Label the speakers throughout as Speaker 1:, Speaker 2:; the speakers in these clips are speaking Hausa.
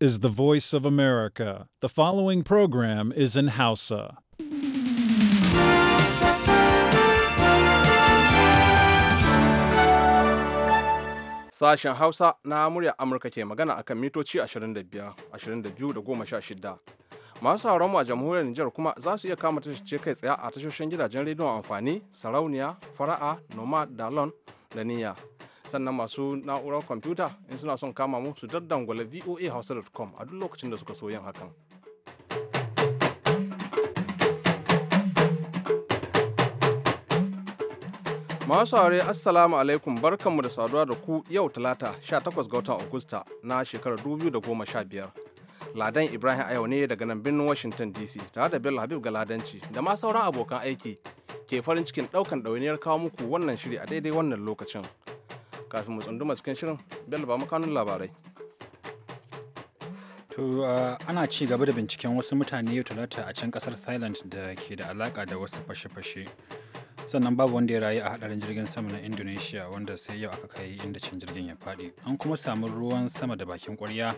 Speaker 1: is the voice of America. The following program is in Hausa.
Speaker 2: Sashen Hausa na murya Amurka ke magana akan mitoci 25, 22 da 16. Masu sauran a jamhuriyar Nijar kuma za su iya kama tashoce kai tsaye a tashoshin gidajen rediyon amfani, sarauniya, fara'a, noma, dalon da niyya. sannan masu na'urar kwamfuta in suna son kama mu su daddangwale voa hausa.com a duk lokacin da suka so yin hakan Masu aure assalamu alaikum barkanmu da saduwa da ku yau talata 18 ga watan Agusta na shekarar 2015. Ladan Ibrahim a ne daga nan birnin Washington DC tare da Bello Habib ladanci da ma sauran abokan aiki ke farin cikin daukan ɗawainiyar kawo muku wannan shiri a daidai wannan lokacin. kafin mu tsunduma cikin shirin bello ba makanun labarai
Speaker 3: To ana ci gaba da binciken wasu mutane yau talata a can kasar Thailand da ke da alaka da wasu fashe-fashe. Sannan babu wanda ya rayu a hadarin jirgin sama na Indonesia wanda sai yau aka kai inda cin jirgin ya faɗi. An kuma samu ruwan sama da bakin kwarya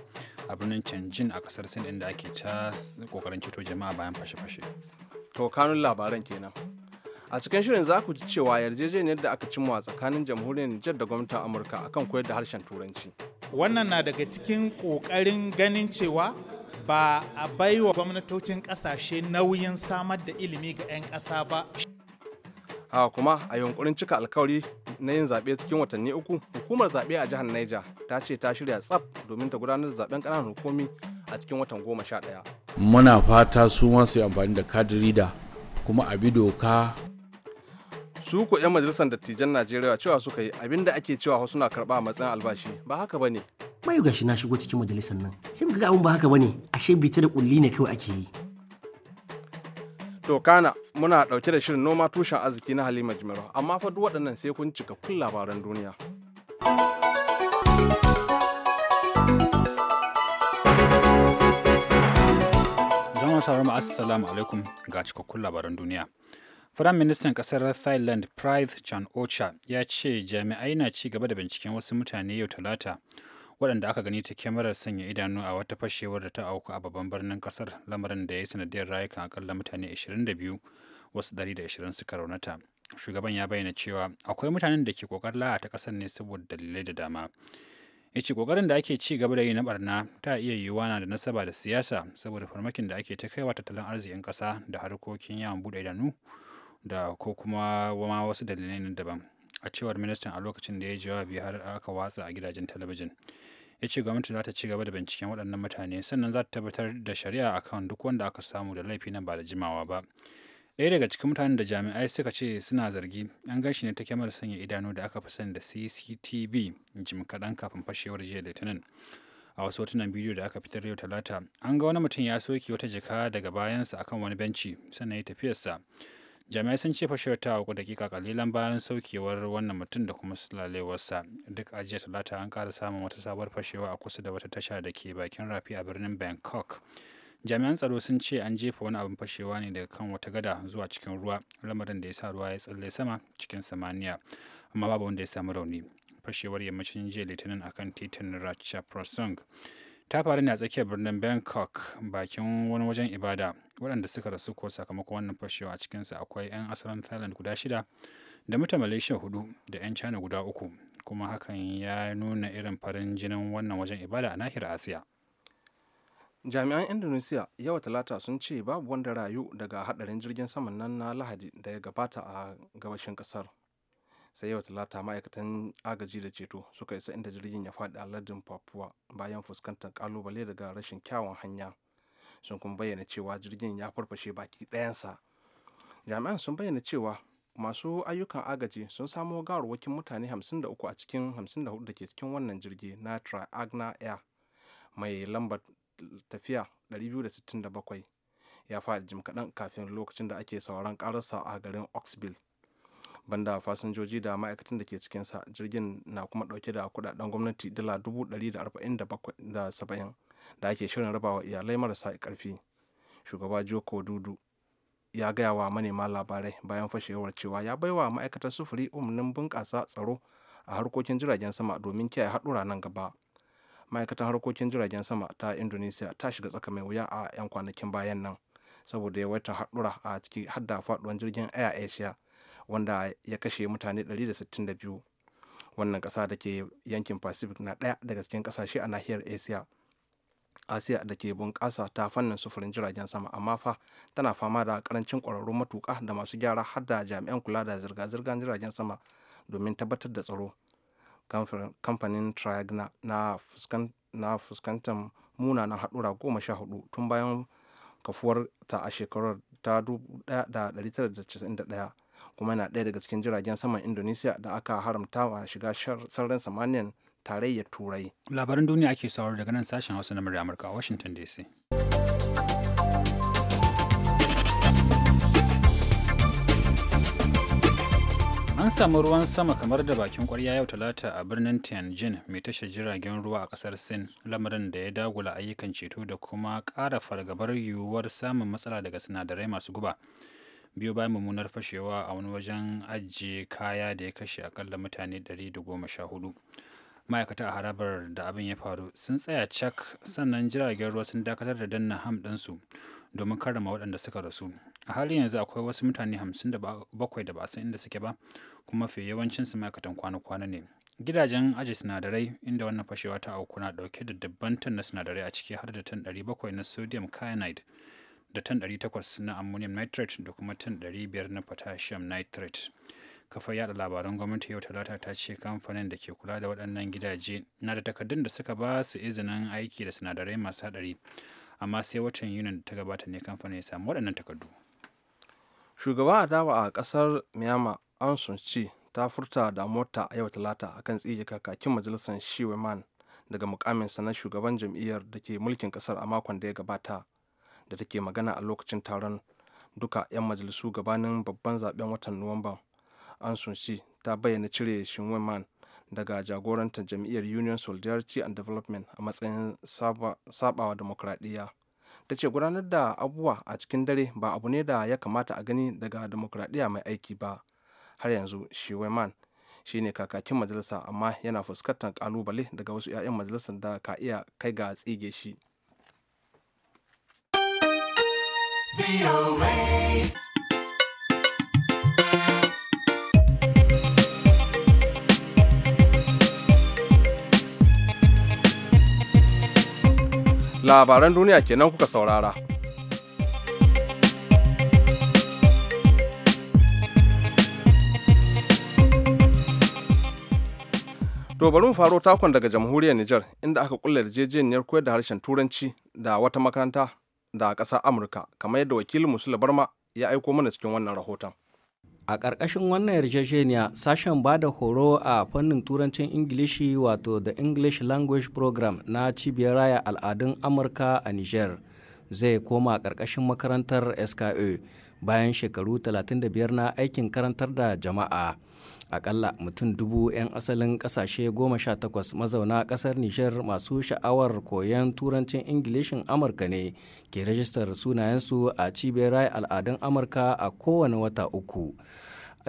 Speaker 3: a birnin Canjin a kasar Sin inda ake ta kokarin ceto jama'a bayan fashe-fashe. To kanun
Speaker 2: labaran kenan. a cikin shirin za ku ji cewa yarjejeniyar da aka cimma tsakanin jamhuriyar
Speaker 1: nijar da gwamnatin amurka akan koyar da harshen turanci wannan na daga cikin ƙoƙarin ganin cewa ba a baiwa gwamnatocin ƙasashe nauyin samar da ilimi ga 'yan ƙasa ba
Speaker 2: a kuma a yunkurin cika alkawari na yin zaɓe cikin watanni uku hukumar zaɓe a jihar Niger ta ce ta shirya tsaf domin ta gudanar da zaɓen ƙananan hukumi a cikin watan goma sha ɗaya.
Speaker 4: Muna fata su masu amfani da kadiri da kuma a bi doka
Speaker 2: su ko 'yan majalisar dattijan najeriya cewa suka yi abinda ake cewa wasu na karɓa a matsayin albashi ba haka ba ne
Speaker 4: mayu gashi na shigo cikin majalisar nan sai muka ga abin ba haka ba ne ashe bita da kulli ne kawai ake yi
Speaker 2: to kana muna ɗauke da shirin noma tushen arziki na halima jimiro amma fa duk waɗannan sai kun cika kun labaran
Speaker 3: duniya jama'a sauran assalamu alaikum ga cikakkun labaran duniya Firaministan ƙasar Thailand Prith Chan Ocha ya ce jami'ai na ci gaba da binciken wasu mutane yau talata waɗanda aka gani ta kyamarar sanya idanu a wata fashewar da ta auku a babban birnin ƙasar lamarin da ya yi sanadiyar rayukan akalla mutane 22 wasu 120 suka raunata. Shugaban ya bayyana cewa akwai mutanen da ke la'a ta ƙasar ne saboda dalilai da dama. ya ce kokarin da ake ci gaba da yi na barna ta iya yiwuwa na da nasaba da siyasa saboda farmakin da ake ta kaiwa tattalin arzikin ƙasa da harkokin yawon buɗe idanu da ko kuma ma wasu dalilai na daban a cewar ministan a lokacin da ya jawabi har aka watsa a gidajen talabijin ya ce gwamnati za ta ci gaba da binciken waɗannan mutane sannan za ta tabbatar da shari'a akan duk wanda aka samu da laifi nan ba da jimawa ba ɗaya daga cikin mutanen da jami'ai suka ce suna zargi an gashi ne ta kyamar sanya idanu da aka fi sani da cctv jim kaɗan kafin fashewar jiya litinin a wasu hotunan bidiyo da aka fitar yau talata an ga wani mutum ya soke wata jika daga bayansa akan wani benci sannan ya tafiyarsa jami'ai sun ce fashewar ta uku dakika kalilan bayan saukewar wannan mutum da kuma sulalewarsa duk a talata an kara samun wata sabuwar fashewa a kusa da wata tasha da ke bakin rafi a birnin bangkok jami'an tsaro sun ce an jefa wani abin fashewa ne daga kan wata gada zuwa cikin ruwa lamarin da ya sa ruwa ya tsalle sama cikin samaniya amma babu wanda ya samu rauni fashewar yammacin jiya litinin akan titin racha ta faru ne a tsakiyar birnin bangkok bakin wani wajen ibada waɗanda suka rasu ko sakamakon wannan fashewa a cikinsa akwai 'yan asalin thailand guda shida da mata malaysia hudu da 'yan china guda uku kuma hakan ya nuna irin farin jinin wannan wajen ibada a nahiyar asiya
Speaker 2: jami'an indonesia yawa talata sun ce babu wanda rayu daga hadarin jirgin saman nan na lahadi da ya gabata a gabashin kasar sai yau talata ma'aikatan agaji da ceto suka isa inda jirgin ya faɗi a lardin papua bayan fuskantar kalubale daga rashin kyawun hanya sun kuma bayyana cewa jirgin ya farfashe baki ɗayansa jami'an sun bayyana cewa masu ayyukan agaji sun samo gawarwakin mutane 53 a cikin 54 da ke cikin wannan jirgi na triagna air mai lambar tafiya 267 ya faɗi jim kaɗan kafin lokacin da ake sauran ƙararsa a garin oxville banda fasinjoji da ma'aikatan da ke cikinsa jirgin na kuma dauke da kudaden gwamnati dala dubu da saba'in da ake shirin rabawa iyalai marasa karfi shugaba joko dudu ya gaya wa manema labarai bayan fashewar cewa ya baiwa ma'aikatar sufuri umarnin bunƙasa tsaro a harkokin jiragen sama domin kiyaye haɗura nan gaba ma'aikatan harkokin jiragen sama ta indonesia ta shiga tsaka mai wuya a 'yan kwanakin bayan nan saboda yawaitar haɗura a ciki hadda faɗuwar jirgin air asia wanda ya kashe mutane 162 wannan kasa da ke yankin pacific na daya daga cikin kasashe a nahiyar asia asiya da ke bunƙasa ta fannin sufurin jiragen sama amma fa tana fama da karancin ƙwararrun matuƙa da masu gyara har da jami'an kula da zirga-zirgar jiragen sama domin tabbatar da tsaro kamfanin triagna na fuskantar munanan haɗura goma sha hudu tun bayan kafuwar ta a shekarar ta 1991 kuma yana ɗaya daga cikin jiragen saman indonesia da aka haramta wa shiga
Speaker 3: sararin samaniyan tarayyar turai labaran duniya ake sauraro daga nan sashen hausa na murya amurka a washington dc an samu ruwan sama kamar da bakin kwarya yau talata a birnin tianjin mai tashar jiragen ruwa a kasar sin lamarin da ya dagula ayyukan ceto da kuma kara fargabar yiwuwar samun matsala daga sinadarai masu guba biyo bayan mummunar fashewa a wani wajen ajiye kaya da ya kashe akalla mutane 114 ma'aikata a harabar da abin ya faru sun tsaya cak sannan jiragen ruwa sun dakatar da danna ham ɗinsu domin karrama waɗanda suka rasu a halin yanzu akwai wasu mutane 57 da ba a san inda suke ba kuma fi su ma'aikatan kwana-kwana ne gidajen aji sinadarai inda wannan fashewa ta auku na dauke da dabban tan na sinadarai a ciki har da tan 700 na sodium cyanide da tan 800 na ammonium nitrate da kuma tan 500 na potassium nitrate. kafar yada labaran gwamnati yau talata ta ce kamfanin da ke kula da waɗannan gidaje na da takardun da suka ba su izinin aiki da sinadarai masu haɗari amma sai watan yunin da ta gabata ne kamfanin ya samu waɗannan takardu
Speaker 2: shugaba adawa a ƙasar myanmar an sunci ta furta mota a yau talata akan tsige kakakin majalisar shiwe man daga mukaminsa na shugaban jam'iyyar da ke mulkin ƙasar a makon da ya gabata da take magana a lokacin taron duka 'yan majalisu gabanin babban zaben watan nuwamban an shi ta bayyana cire man daga jagorantar jam'iyyar union solidarity and development a matsayin sabawa demokradiyya ta ce gudanar da abubuwa a cikin dare ba abu ne da ya kamata a gani daga demokradiyya mai aiki ba har yanzu shiweman shi ne kakakin majalisa amma yana fuskantar kalubale daga wasu 'ya'yan majalisar da ka iya kai ga tsige shi labaran duniya kenan kuka saurara. To bari mu faro takon daga jamhuriyar Nijar inda aka kulle yarjejeniyar koyar da harshen Turanci da wata makaranta da ƙasar amurka kamar yadda wakilin musul barma ya aiko mana cikin wannan rahoton
Speaker 4: a ƙarƙashin wannan yarjejeniya sashen ba da horo a fannin turancin ingilishi wato the english language program na cibiyar raya al'adun amurka a niger zai koma ƙarƙashin makarantar ska bayan shekaru 35 na aikin karantar da jama'a akalla mutum dubu 'yan asalin kasashe goma sha takwas mazauna kasar nijar masu sha'awar koyon turancin ingilishin amurka ne ke rajistar sunayensu a cibiyar raya al'adun amurka a kowane wata uku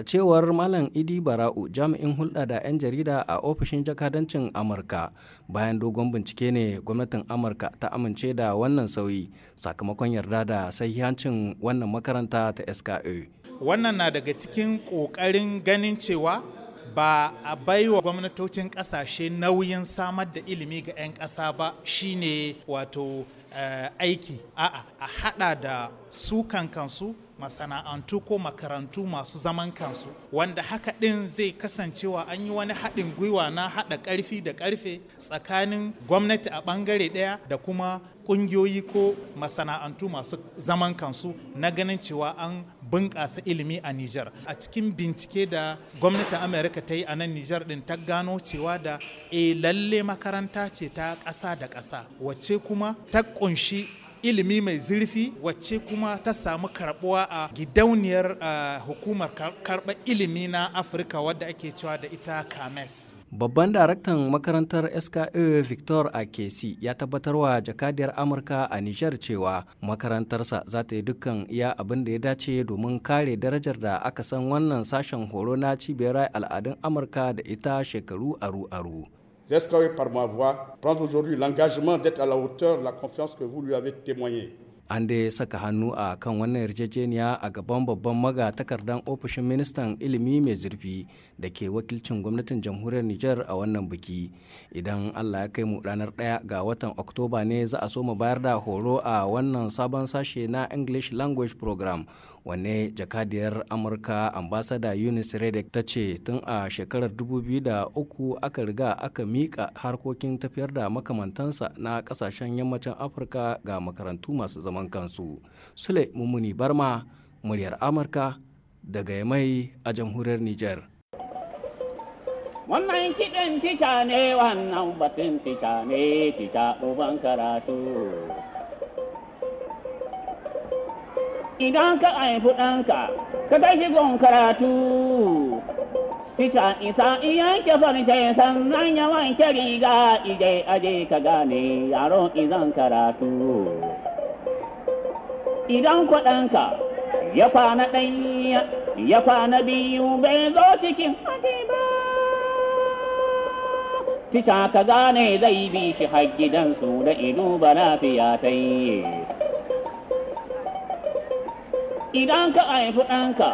Speaker 4: a cewar malam idi bara'u jami'in hulɗa da 'yan jarida a ofishin jakadancin amurka bayan dogon bincike ne gwamnatin amurka ta amince da wannan sauyi sakamakon yarda da sahihancin wannan makaranta ta ska
Speaker 1: wannan na daga cikin ƙoƙarin ganin cewa ba a baiwa gwamnatocin ƙasashe nauyin samar da ilimi ga 'yan ƙasa ba shine wato Eh, aiki a a haɗa da su kansu masana'antu ko makarantu masu zaman kansu wanda haka ɗin zai kasancewa an yi wani haɗin gwiwa na haɗa ƙarfi da ƙarfe tsakanin gwamnati a ɓangare ɗaya da kuma ƙungiyoyi ko masana'antu masu zaman kansu na ganin cewa an bunƙasa ilimi a Nijar. A cikin bincike da gwamnatin Amerika ta yi a nan Nijar ɗin ta gano cewa da e lalle makaranta ce ta ƙasa da ƙasa wacce kuma ta kunshi ilimi mai zurfi wacce kuma ta samu karbuwa a gidauniyar hukumar karɓar ilimi na afirka wadda ake cewa da ita kames
Speaker 4: babban daraktan makarantar ska victor kesi ya tabbatar wa jakadiyar amurka a nijar cewa makarantarsa za ta yi dukkan iya abin da ya dace domin kare darajar da aka san wannan sashen horo na cibiyar al'adun amurka da ita shekaru
Speaker 1: aru-aru J'espère par ma voix prendre aujourd'hui l'engagement d'être à la hauteur de la confiance que vous lui avez témoignée.
Speaker 4: an da saka hannu a kan wannan yarjejeniya a gaban babban maga takardar ofishin ministan ilimi mai zurfi da ke wakilcin gwamnatin jamhuriyar Nijar a wannan biki. Idan Allah ya kai mu ranar ɗaya ga watan Oktoba ne za a so mu bayar da horo a wannan sabon sashe na English Language Program wanne jakadiyar Amurka ambasada Eunice Redek ta ce tun a shekarar 2003 aka riga aka mika harkokin tafiyar da makamantansa na ƙasashen yammacin Afirka ga makarantu masu zaman kansu. Sule Mummuni Barma, muryar Amurka daga Yamai a jamhuriyar Nijar.
Speaker 5: Wannan kiɗin tica ne wannan batun tica ne tica uban karatu. Idan ka haifi ɗanka, ka kai shi gon karatu. Tica isa iyake ke farce sannan ya wanke riga ije aje ka gane yaro izan karatu. Idan kwaɗanka ya kwana ya kwana biyu bai zo cikin
Speaker 6: haɗe ba.
Speaker 5: tisha ka gane zai bi shi har gidansu da ido ba lafiya ta yi idan ka haifi ɗanka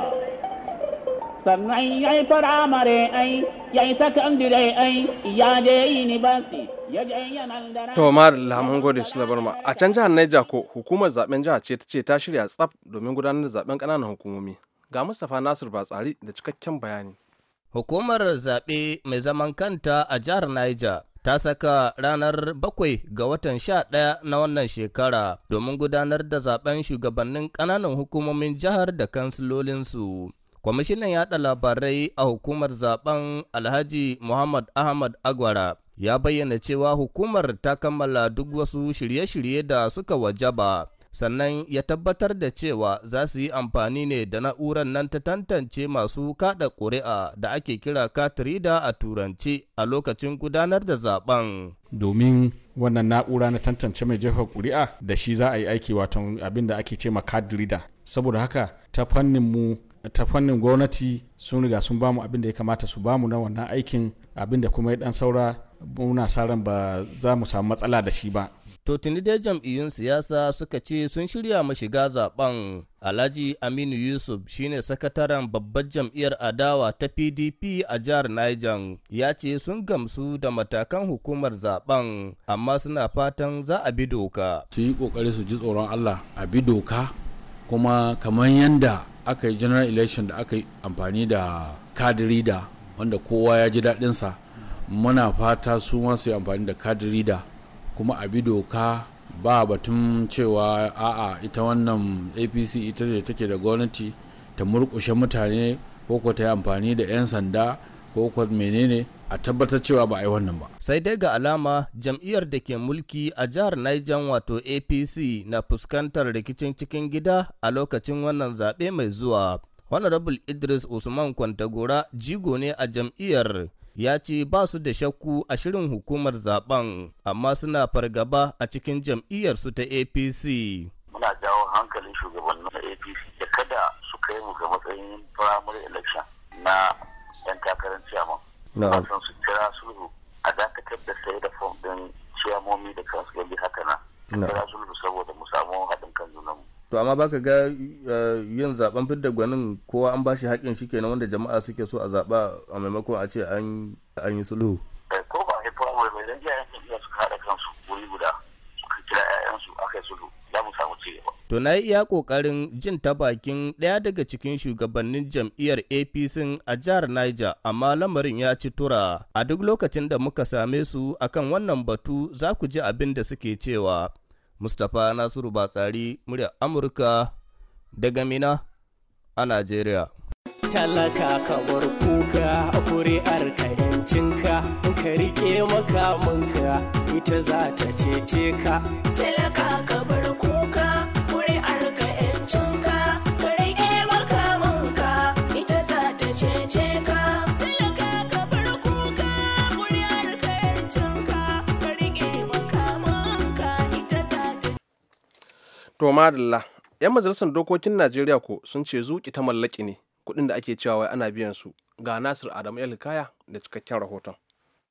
Speaker 5: sannan ya yi firamare ai ya yi sakandire ai ya je yunibasi ya je yanar da
Speaker 2: to ma lamun gode su labar ma a can jihar naija ko hukumar zaɓen jihar ce ta ce ta shirya tsaf domin gudanar da zaben ƙananan hukumomi
Speaker 6: ga Mustapha Nasir Batsari da cikakken bayani Hukumar zaɓe mai zaman kanta a jihar Niger ta saka ranar bakwai ga watan sha ɗaya na wannan shekara domin gudanar da zaben shugabannin ƙananan hukumomin jihar da kansilolinsu. Kwamishinan yaɗa labarai a hukumar zaben Alhaji Muhammad Ahmad Agwara ya bayyana cewa hukumar ta kammala duk wasu shirye-shirye da suka wajaba sannan ya tabbatar da cewa za su yi amfani ne da na'urar nan ta tantance masu kada ƙuri'a da ake kira katirida a turanci a lokacin gudanar da zaben.
Speaker 2: domin wannan na'ura na tantance mai jefa ƙuri'a da shi za a yi aiki wato abin da ake ce ma katrida saboda haka ta fannin ta fannin gwamnati sun riga sun bamu abin da ya kamata su bamu na wannan aikin abin da
Speaker 7: kuma ya dan saura muna sa ran ba za mu samu matsala da shi ba
Speaker 6: To tuni dai jam'iyyun siyasa suka ce sun shirya mashiga zaben. Alhaji Aminu Yusuf shine sakataren babbar jam'iyyar adawa ta PDP a jihar Niger ya ce sun gamsu da matakan hukumar zaben amma suna fatan za a bi doka. Su yi kokari su ji tsoron Allah a bi doka kuma kamar yadda aka yi
Speaker 4: general election da aka yi amfani da kadiri da wanda kowa ya ji daɗinsa muna fata su ma su yi amfani da kadiri da kuma a bi doka ba batun cewa a'a ita wannan apc ita ce take da gwamnati ta
Speaker 6: murkushe mutane ko ko ta yi amfani da 'yan sanda ko ko menene a tabbatar cewa ba a yi wannan ba. Sai dai ga alama jam'iyyar da ke mulki a jihar Niger wato APC na fuskantar rikicin cikin gida a lokacin wannan zaɓe mai zuwa. Honorable Idris Usman Kwantagora jigo ne a jam'iyyar ya ce ba su da shakku a shirin hukumar zaben amma suna fargaba a cikin jam'iyyarsu ta apc muna jawo hankalin shugabannin apc
Speaker 8: da kada su kai mu ga matsayin primary election na
Speaker 6: 'yan takarar ciyaman san su kira sulhu a dakatar da sai da fom
Speaker 9: din ciyamomi da kansu haka na kira sulhu saboda mu samu
Speaker 6: haɗin kan junanmu to amma baka ga eh, yin zaben fidda gwanin kowa an bashi hakin shi kenan wanda jama'a suke so a zaɓa a maimakon a ce an yi sulhu.
Speaker 8: Eh, ko ba mai zan yankin iya suka haɗa kansu wuri guda suka kira 'ya'yansu aka sulhu za
Speaker 6: mu samu ci gaba. to na yi iya ƙoƙarin jin ta bakin ɗaya daga cikin shugabannin jam'iyyar apc a jihar niger amma lamarin ya ci tura a duk lokacin da muka same su akan wannan batu za ku ji abin da suke cewa. Mustapha Nasiru Batsari muryar Amurka daga Mina a Najeriya.
Speaker 5: Talaka kamar kuka a kuri'ar ka in ka riƙe makamanka ita za ta cece ka.
Speaker 10: Talaka
Speaker 2: To madalla, 'yan majalisar dokokin Najeriya ko sun ce zuki ta mallaki
Speaker 9: ne kuɗin da ake cewa wai ana biyan su ga Nasir Adamu kaya da cikakken rahoton.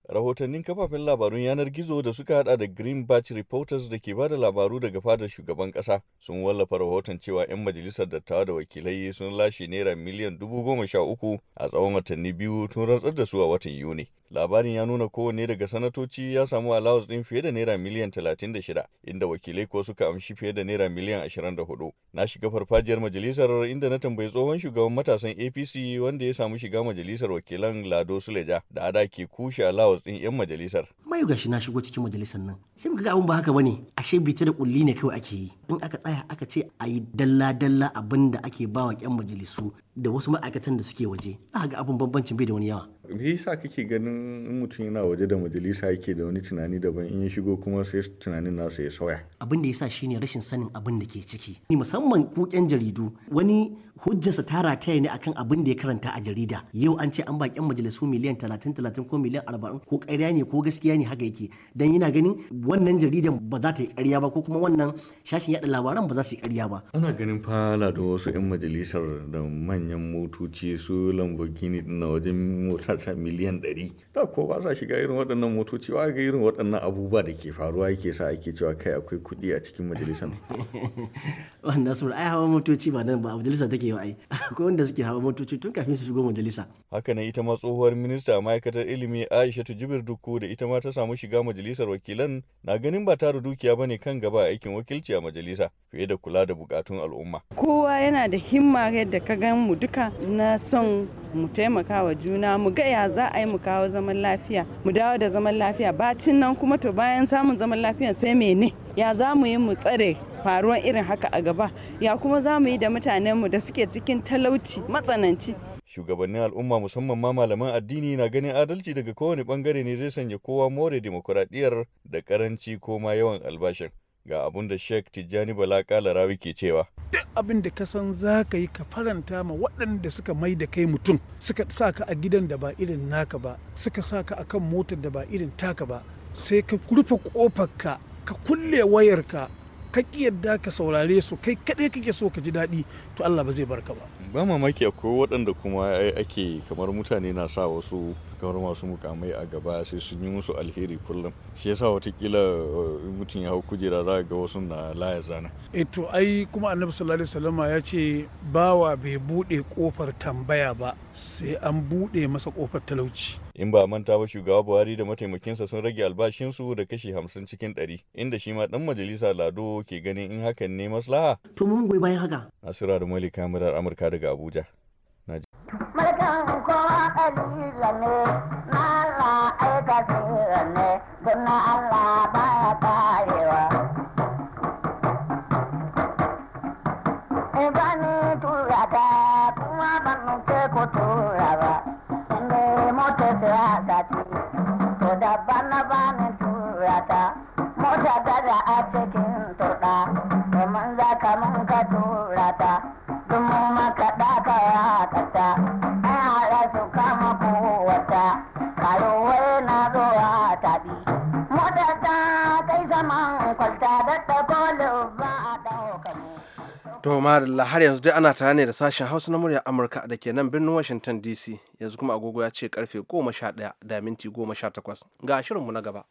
Speaker 9: rahotannin kafafen labarun yanar gizo da suka hada da green batch reporters da ke bada labaru daga fadar shugaban kasa sun wallafa rahoton cewa 'yan majalisar dattawa da wakilai sun lashe naira miliyan dubu goma sha uku a tsawon watanni biyu tun rantsar da su a watan yuni labarin ya nuna kowanne daga sanatoci ya samu allowance din fiye da naira miliyan 36 inda wakilai kuwa suka amshi fiye da naira miliyan 24 na shiga farfajiyar majalisar inda na tambayi tsohon shugaban matasan apc wanda ya samu shiga majalisar wakilan lado suleja da ada ke kushe allowance din yan majalisar
Speaker 4: mayu gashi na shigo cikin majalisar nan sai muka ga abin ba haka bane ashe bita da kulli ne kawai ake yi in aka tsaya aka ce a yi dalla-dalla abin da ake wa yan majalisu da wasu ma'aikatan da suke waje za ga abin bambancin bai da wani yawa
Speaker 9: me yasa kake ganin in mutum yana waje da majalisa yake da wani tunani daban in ya shigo kuma sai tunanin nasa ya sauya abin da
Speaker 4: yasa shine rashin sanin abin da ke ciki ni musamman ku jaridu wani hujjarsa ta rataya ne akan abin da ya karanta a jarida yau an ce an ba ƴan majalisu miliyan 30 30 ko miliyan 40 ko ƙarya ne ko gaskiya ne haka yake dan yana ganin wannan jaridan ba za ta yi ƙarya ba ko kuma wannan shashin yada labaran ba za su yi ƙarya ba
Speaker 9: ana ganin fala da wasu yan majalisar da manyan motoci su Lamborghini na wajen motar sa miliyan ɗari da ko ba sa shiga irin waɗannan motoci ba ga irin waɗannan abubuwa da ke faruwa yake sa ake cewa kai akwai kuɗi a cikin majalisar
Speaker 4: wannan sun ai hawa motoci ba nan ba majalisa take ai akwai wanda suke hawa motoci tun kafin su shigo majalisa
Speaker 9: haka nan ita ma tsohuwar minista ma'aikatar ilimi Aishatu Jibir Dukku da ita ma ta samu shiga majalisar wakilan na ganin ba tara dukiya ba ne kan gaba aikin wakilci a majalisa fiye da kula da bukatun al'umma
Speaker 10: kowa yana da himma yadda ka gan mu duka na son mu taimaka wa juna mu ga ya za a yi mu kawo zaman lafiya mu dawo da zaman lafiya bacin nan kuma to bayan samun zaman lafiya sai mene ya za mu yi mu tsare faruwan irin haka a gaba ya kuma za mu yi da mutanen mu da suke cikin talauci matsananci
Speaker 9: shugabannin al'umma musamman ma malaman addini na ganin adalci daga kowane bangare ne zai sanya kowa more dimokuraɗiyar da karanci ko ma yawan albashin ga abun da Sheikh Tijjani Bala rawi ke cewa.
Speaker 1: Duk abin da ka san za ka yi ka faranta ma waɗanda suka mai da kai mutum suka sa ka a gidan da ba irin naka ba suka sa ka akan motar da ba irin taka ba sai ka rufe kofarka ka kulle wayarka ka yadda ka saurare su kai kaɗai kake so ka ji daɗi to Allah ba zai barka ba.
Speaker 9: Ba mamaki akwai waɗanda kuma ake kamar mutane na sa wasu kawar masu mukamai a gaba sai sun yi musu alheri kullum shi yasa watakila eh, mutum ya hau kujera za ga wasu na laya zana
Speaker 1: e to ai kuma annabi sallallahu alaihi wasallama ya ce bawa bai bude kofar tambaya ba sai an bude masa kofar talauci
Speaker 9: in ba manta ba shugaba buhari da mataimakinsa sun rage albashinsu da kashi hamsin cikin ɗari inda shi ma dan majalisa lado ke ganin in hakan ne maslaha to mun goyi bayan haka asira da malika murar amurka daga abuja
Speaker 4: ne na Allah
Speaker 5: aika tasirin ne don na Allah baya karewa
Speaker 4: Ibani tura ta kuma ban ce ku tura ba inda motar siyasa ce to dabba na bani
Speaker 2: madalla har yanzu dai ana tare ne da sashen hausa na murya amurka da ke nan birnin washington dc yanzu kuma agogo ya ce karfe 11 da minti 18 ga shirinmu na gaba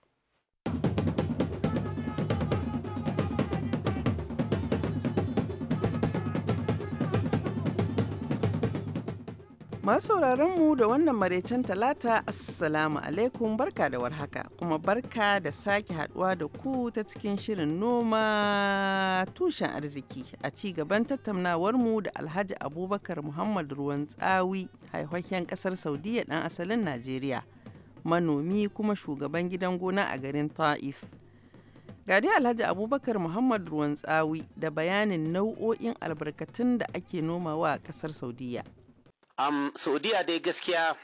Speaker 10: Masu sauraron mu da wannan maraicen talata assalamu alaikum barka da warhaka kuma barka da sake haduwa da ku ta cikin shirin noma tushen arziki a ci gaban tattaunawar mu da Alhaji Abubakar Muhammad Ruwan Tsawi haihaken kasar Saudiya dan asalin Najeriya manomi kuma shugaban gidan gona a garin Ta'if. Gadi Alhaji Abubakar Muhammad Ruwan Tsawi da bayanin nau'o'in albarkatun da ake nomawa a kasar Saudiya.
Speaker 5: um, saudiya dai gaskiya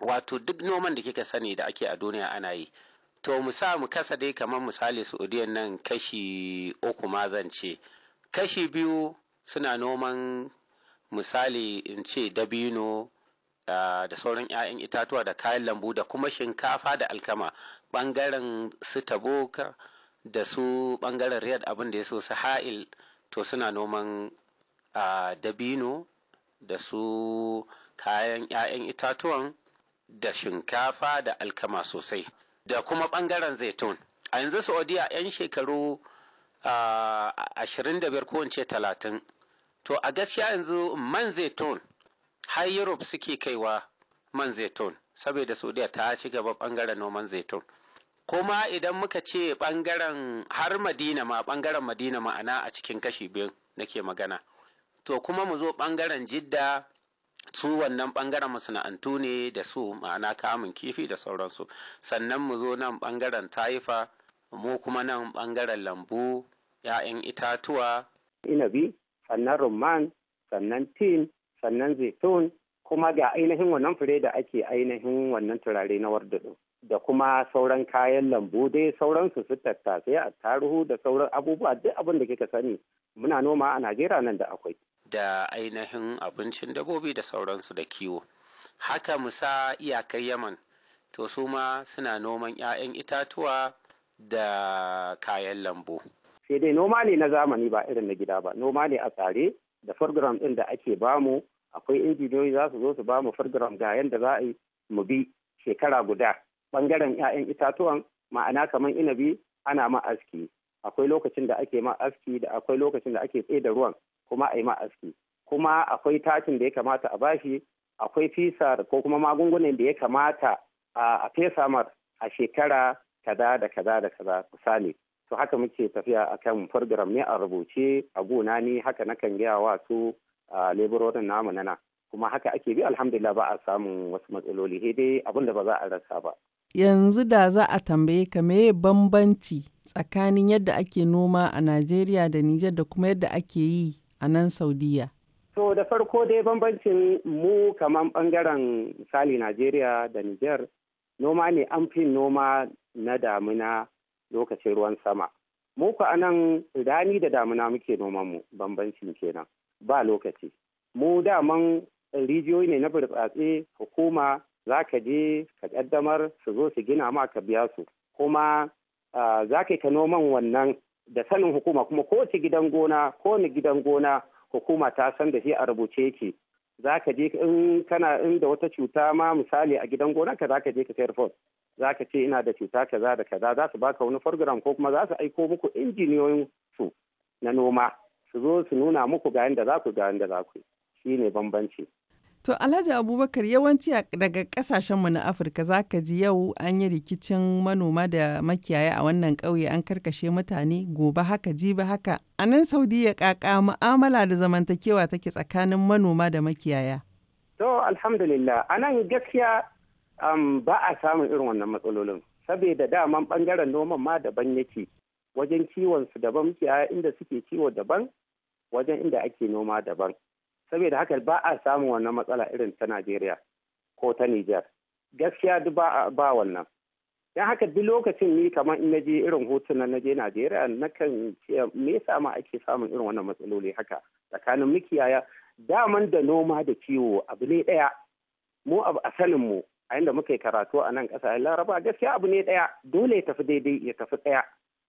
Speaker 5: wato duk noman da kika sani da ake a duniya ana yi to mu sa mu kasa dai kamar misali sa'udiya nan kashi uku ma zan ce kashi biyu suna noman misali in ce dabino ah, da sauran 'ya'yan itatuwa da kayan lambu da kuma shinkafa da alkama bangaren su taboka da su bangaren riyad abin da ya so su ha'il to suna noman uh, dabino da su kayan 'ya'yan itatuwan da shinkafa da alkama sosai da kuma ɓangaren zaitun a yanzu saudiya 'yan shekaru ashirin da biyar talatin to a gaskiya yanzu man zaitun har europe suke kaiwa man zaitun saboda saudiya ta ci gaba ɓangaren noman zaitun kuma idan muka ce ɓangaren har madina ma ɓangaren madina ma'ana a cikin kashi biyun nake magana to kuma mu zo ɓangaren jidda su wannan ɓangaren masana'antu ne da su ma'ana kamun kifi da sauransu sannan mu zo nan ɓangaren taifa mu kuma nan ɓangaren lambu
Speaker 8: 'ya'yan itatuwa inabi sannan rumman sannan tin sannan zaitun kuma ga ainihin wannan fure da ake ainihin wannan turare na wardado da kuma sauran kayan lambu dai sauransu su tattasai a taruhu da sauran abubuwa duk abin da kika sani muna noma a najeriya nan da akwai
Speaker 5: da ainihin abincin dabobi da sauransu da kiwo haka musa iyakar yaman to su ma suna noman 'ya'yan itatuwa da kayan lambu
Speaker 8: sai dai noma ne na zamani ba irin na gida ba noma ne a tsare da program ɗin da ake bamu akwai injiniyoyi za su zo su bamu program ga yadda za a yi mu bi shekara guda Ɓangaren 'ya'yan itatuwan ma'ana kamar inabi ana ma akwai lokacin da ake ma aski da akwai lokacin da ake tsaye da ruwan kuma a yi aski kuma akwai takin da ya kamata a bashi akwai fisar ko kuma magungunan da ya kamata a fesa mar a shekara kaza da kaza da kaza misali to haka muke tafiya akan program ne a rubuce a gona ni haka nakan gaya wa su leburorin namu na kuma haka ake bi alhamdulillah ba a samun wasu matsaloli sai dai abin da ba za a rasa ba
Speaker 10: yanzu da za a tambaye ka me bambanci tsakanin yadda ake noma a Najeriya da Nijar da kuma yadda ake yi a nan saudiya
Speaker 8: so da farko dai bambancin mu kamar bangaren misali nigeria da niger noma ne an fi noma na damuna lokacin ruwan sama mu ku nan rani da damuna muke noman mu bambancin kenan ba lokaci mu daman rijiyoyi ne na burtsatse hukuma za ka je ka kaddamar su zo su gina ma ka biya su kuma ah, za ka yi ka noman wannan da sanin hukuma kuma kowace gidan gona kowane gidan gona hukuma ta san da shi a rubuce yake za ka je in kana in da wata cuta ma misali a gidan gona ka za ka je ka kai report za ka ce ina da cuta kaza da kaza za su baka wani program ko kuma za su aiko muku injiniyoyin su na noma su zo su nuna muku ga yanda za ku ga yanda za ku shine bambanci
Speaker 10: To Alhaji Abubakar yawanci daga kasashenmu na Afirka za ka ji yau an yi rikicin manoma da makiyaya a wannan ƙauye an karkashe mutane gobe haka ji ba haka. A nan Saudiya kaka mu'amala da zamantakewa take tsakanin manoma da makiyaya.
Speaker 8: To alhamdulillah a nan gaskiya ba a samun irin wannan matsalolin. Saboda daman bangaren noman ma daban yake wajen kiwon su daban makiyaya inda suke kiwo daban wajen inda ake noma daban. saboda haka ba a samun wannan matsala irin ta najeriya ko ta nijar gaskiya duk ba wannan don haka duk lokacin ni kamar in naje irin hotunan na je najeriya na kan me yasa ma ake samun irin wannan matsaloli haka tsakanin mikiyaya daman da noma da kiwo abu ne ɗaya mu abu asalin mu a inda muka yi karatu a nan ƙasa laraba gaskiya abu ne ɗaya dole ya tafi daidai ya tafi ɗaya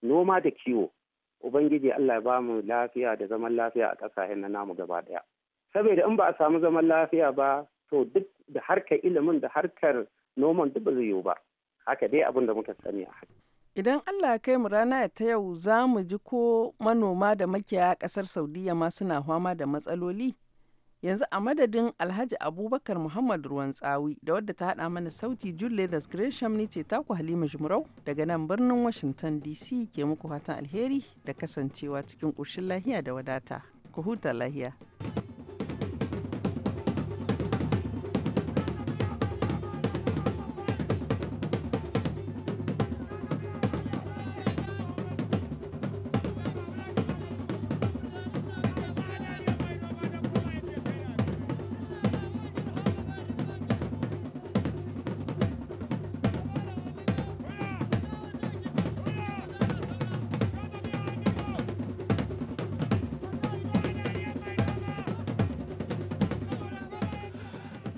Speaker 8: noma da kiwo ubangiji allah ya ba mu lafiya da zaman lafiya a ƙasashen na namu gaba ɗaya saboda in ba a samu zaman lafiya ba to duk da harkar ilimin da harkar noman duk ba zai yiwu ba haka dai abin da muka sani a haka
Speaker 10: idan Allah ya kai mu rana ta yau za mu ji ko manoma da makiyaya kasar Saudiya ma suna fama da matsaloli yanzu a madadin Alhaji Abubakar Muhammad Ruwan Tsawi da wadda ta haɗa mana sauti Julie Das Gresham ne ce taku Halima Jumrau daga nan birnin Washington DC ke muku fatan alheri da kasancewa cikin ƙoshin lahiya da wadata ku huta lahiya.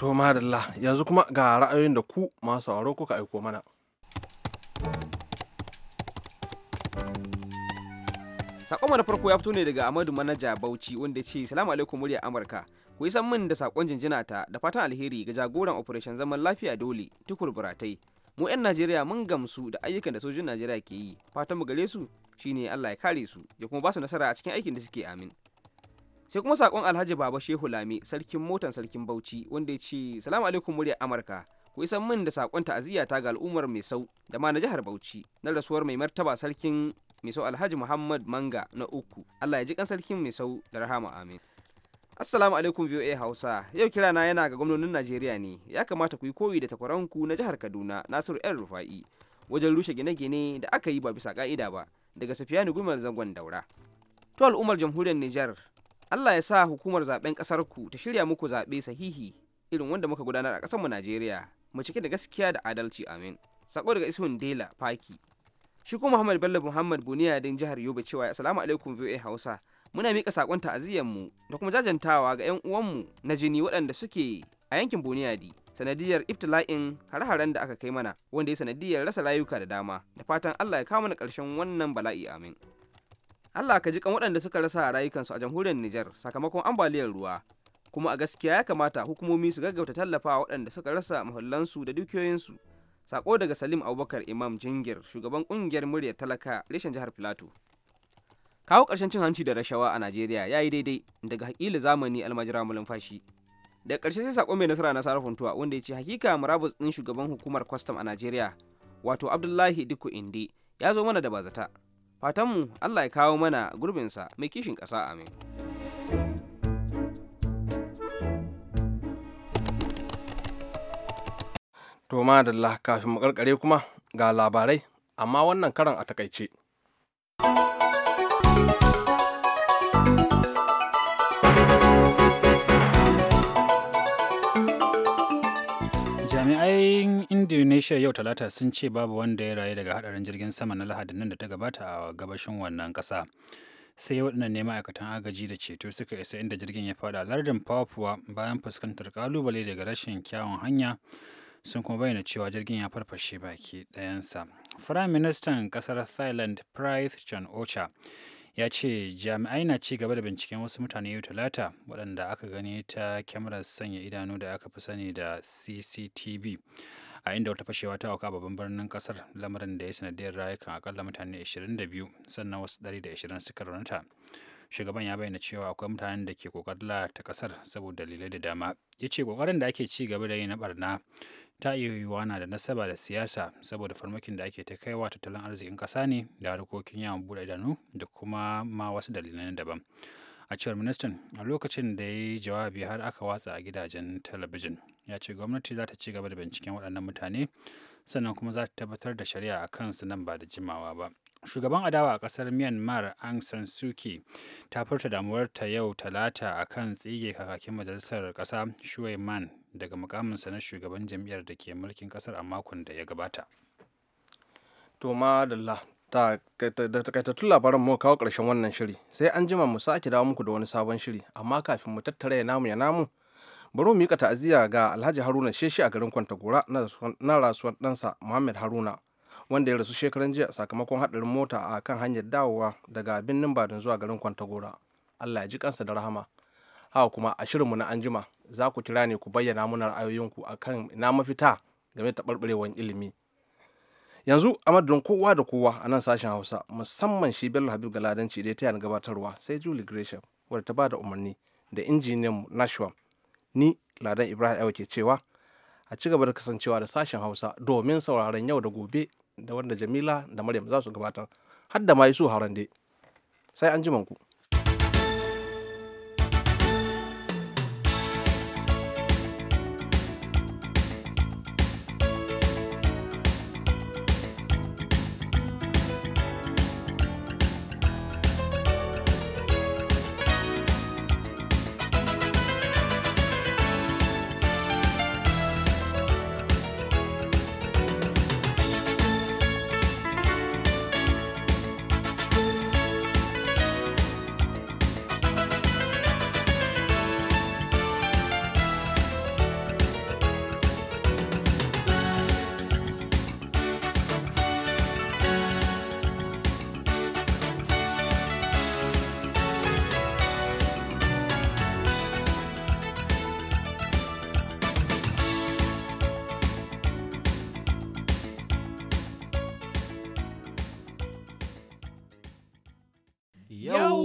Speaker 2: To madalla yanzu kuma ga ra'ayoyin da ku masu sauraro kuka aiko mana.
Speaker 7: Sakon na farko ya fito ne daga Amadu Manaja Bauchi wanda ya ce salamu alaikum murya Amurka. Ku yi san min da sakon jinjina ta da fatan alheri ga jagoran operation zaman lafiya dole tukur buratai. Mu 'yan Najeriya mun gamsu da ayyukan da sojin Najeriya ke yi. Fatan mu gare su shine Allah ya kare su ya kuma ba su nasara a cikin aikin da suke amin. sai kuma sakon alhaji baba shehu Lami, sarkin motan sarkin bauchi wanda ya ce salamu alaikum muryar amurka ku isan min da sakon ta'aziyya ta ga al'ummar mai sau da ma na jihar bauchi na rasuwar mai martaba sarkin mai sau alhaji muhammad manga na uku allah ya ji kan sarkin mai sau da rahama amin assalamu alaikum voa hausa yau kira na yana ga gwamnonin najeriya ne ya kamata ku yi koyi da takwaranku na jihar kaduna nasiru yan rufa'i wajen rushe gine-gine da aka yi ba bisa ka'ida ba daga safiyani gumar zangon daura to al'ummar jamhuriyar nijar Allah ya sa hukumar zaben kasar ku ta shirya muku zaɓe sahihi irin wanda muka gudanar a ƙasarmu Najeriya mu cike da gaskiya da adalci amin sako daga Ishun Dela Faki shi kuma Muhammad Bello Muhammad Buniyadin jihar Yobe cewa assalamu alaikum VOA Hausa muna mika sakon ta'aziyyar mu da kuma jajantawa ga yan uwanmu na jini waɗanda suke a yankin Buniyadi sanadiyar ibtila'in hare-haren da aka kai mana wanda ya sanadiyar rasa rayuka da dama da fatan Allah ya kawo mana ƙarshen wannan bala'i amin Allah ka ji kan waɗanda suka rasa rayukansu a jamhuriyar Nijar sakamakon ambaliyar ruwa kuma a gaskiya ya kamata hukumomi su gaggauta tallafa waɗanda suka rasa muhallansu da dukiyoyinsu sako daga Salim Abubakar Imam Jingir shugaban ƙungiyar murya talaka reshen jihar Filato kawo ƙarshen cin hanci da rashawa a Najeriya ya yi daidai daga hakili zamani almajira mulumfashi da ƙarshe sai sako mai nasara na sarrafa tuwa wanda ya ce hakika murabus ɗin shugaban hukumar kwastam a Najeriya wato Abdullahi diku Inde ya zo mana da bazata fatanmu allah ya kawo mana gurbinsa mai kishin ƙasa amin
Speaker 2: to ma da kafin mu karkare kuma ga labarai amma wannan karan a takaice
Speaker 3: indonesia yau talata sun ce babu wanda ya rayu daga hadarin jirgin sama na lahadin nan da ta gabata a gabashin wannan kasa sai waɗannan ne ma'aikatan agaji da ceto suka isa inda jirgin ya fada lardin papua bayan fuskantar kalubale daga rashin kyawun hanya sun kuma bayyana cewa jirgin ya farfashe baki ɗayansa firayim ministan ƙasar thailand price john ocha ya ce jami'ai na ci gaba da binciken wasu mutane yau talata waɗanda aka gani ta kyamarar sanya idanu da aka fi sani da cctv a inda wata fashewa ta auka babban birnin kasar lamarin da ya sanadiyar rayukan akalla mutane 22 sannan wasu 120 suka raunata shugaban ya bayyana cewa akwai mutanen da ke kokarin ta kasar saboda dalilai da dama ya ce kokarin da ake ci gaba da yi na barna ta iya na da nasaba da siyasa saboda farmakin da ake ta kaiwa tattalin arzikin kasa ne da harkokin yawon bude idanu da kuma ma wasu dalilan daban a cewar ministan a lokacin da ya yi jawabi har aka watsa a gidajen talabijin ya ce gwamnati za ta ci gaba da binciken waɗannan mutane sannan kuma za ta tabbatar da shari'a a kansu nan ba da jimawa ba shugaban adawa a kasar myanmar aung san suu kyi ta furta damuwarta yau talata a kan tsige kakakin majalisar ƙasa shuai man daga mukaminsa na shugaban jam'iyyar da ke mulkin kasar a makon da ya gabata
Speaker 2: to madalla da takaitattun labaran mu kawo ƙarshen wannan shiri sai an jima mu sake dawo muku da wani sabon shiri amma kafin mu tattara ya namu ya namu bari mu miƙa ta'aziyya ga Alhaji Haruna Sheshi a garin Kwantagora na rasuwar ɗansa Muhammad Haruna wanda ya rasu shekaran jiya sakamakon haɗarin mota a kan hanyar dawowa daga birnin Badin zuwa garin Kwantagora. Allah ya ji kansa da rahama. Haka kuma a shirinmu na anjima za ku kira ne ku bayyana muna ra'ayoyinku kan ina mafita game da taɓarɓarewar ilimi. yanzu a madadin kowa da kowa a nan sashen hausa musamman shi bello habib galadanci da ya taya gabatarwa sai julie gresham wadda ta ba da umarni da injiniyan nashwam ni ladan ibrahim aiwa ke cewa a ci gaba da kasancewa da sashen hausa domin sauraron yau da gobe da wanda jamila da maryam za su gabatar har da ma yi su harande sai an ku.